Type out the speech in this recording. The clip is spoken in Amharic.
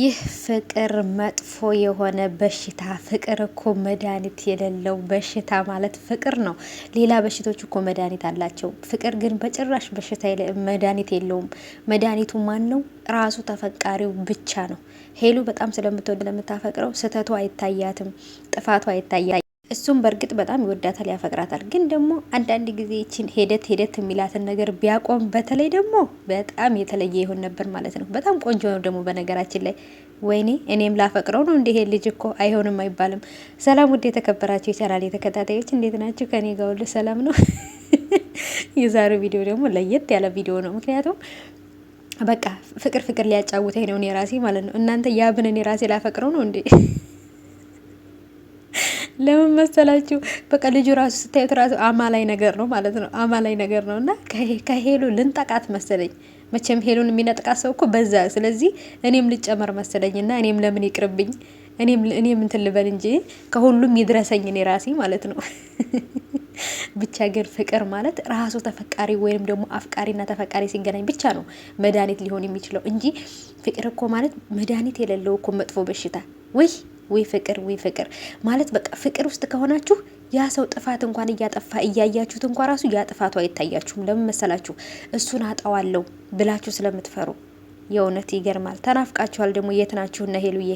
ይህ ፍቅር መጥፎ የሆነ በሽታ ፍቅር እኮ መድኃኒት የሌለው በሽታ ማለት ፍቅር ነው። ሌላ በሽቶች እኮ መድኃኒት አላቸው። ፍቅር ግን በጭራሽ በሽታ መድኃኒት የለውም። መድኃኒቱ ማን ነው? ራሱ ተፈቃሪው ብቻ ነው። ሄሉ በጣም ስለምትወድ ለምታፈቅረው ስህተቱ አይታያትም፣ ጥፋቱ አይታያ እሱም በእርግጥ በጣም ይወዳታል፣ ያፈቅራታል። ግን ደግሞ አንዳንድ ጊዜ ይችን ሄደት ሄደት የሚላትን ነገር ቢያቆም በተለይ ደግሞ በጣም የተለየ ይሆን ነበር ማለት ነው። በጣም ቆንጆ ነው ደግሞ በነገራችን ላይ ወይኔ እኔም ላፈቅረው ነው እንዲሄ ልጅ እኮ አይሆንም አይባልም። ሰላም ውድ የተከበራቸው የቻናሌ የተከታታዮች እንዴት ናችሁ? ከኔ ጋር ሁሉ ሰላም ነው። የዛሬው ቪዲዮ ደግሞ ለየት ያለ ቪዲዮ ነው ምክንያቱም በቃ ፍቅር ፍቅር ሊያጫውተኝ ነው እኔ ራሴ ማለት ነው። እናንተ ያብን እኔ ራሴ ላፈቅረው ነው እንዴ? ለምን መሰላችሁ? በቃ ልጁ ራሱ ስታዩት ራሱ አማላይ ነገር ነው ማለት ነው። አማላይ ነገር ነው እና ከሄሉ ልንጠቃት መሰለኝ። መቼም ሄሉን የሚነጥቃት ሰው እኮ በዛ። ስለዚህ እኔም ልጨመር መሰለኝ እና እኔም ለምን ይቅርብኝ እኔም እንትን ልበል እንጂ ከሁሉም ይድረሰኝ እኔ ራሴ ማለት ነው። ብቻ ግን ፍቅር ማለት ራሱ ተፈቃሪ ወይም ደግሞ አፍቃሪና ተፈቃሪ ሲገናኝ ብቻ ነው መድኃኒት ሊሆን የሚችለው እንጂ ፍቅር እኮ ማለት መድኃኒት የሌለው እኮ መጥፎ በሽታ ወይ ወይ ፍቅር ወይ ፍቅር ማለት በቃ ፍቅር ውስጥ ከሆናችሁ ያ ሰው ጥፋት እንኳን እያጠፋ እያያችሁት እንኳን ራሱ ያ ጥፋቱ አይታያችሁም። ለምን መሰላችሁ? እሱን አጣዋለሁ ብላችሁ ስለምትፈሩ። የእውነት ይገርማል። ተናፍቃችኋል ደግሞ። የት ናችሁና ሄሉዬ?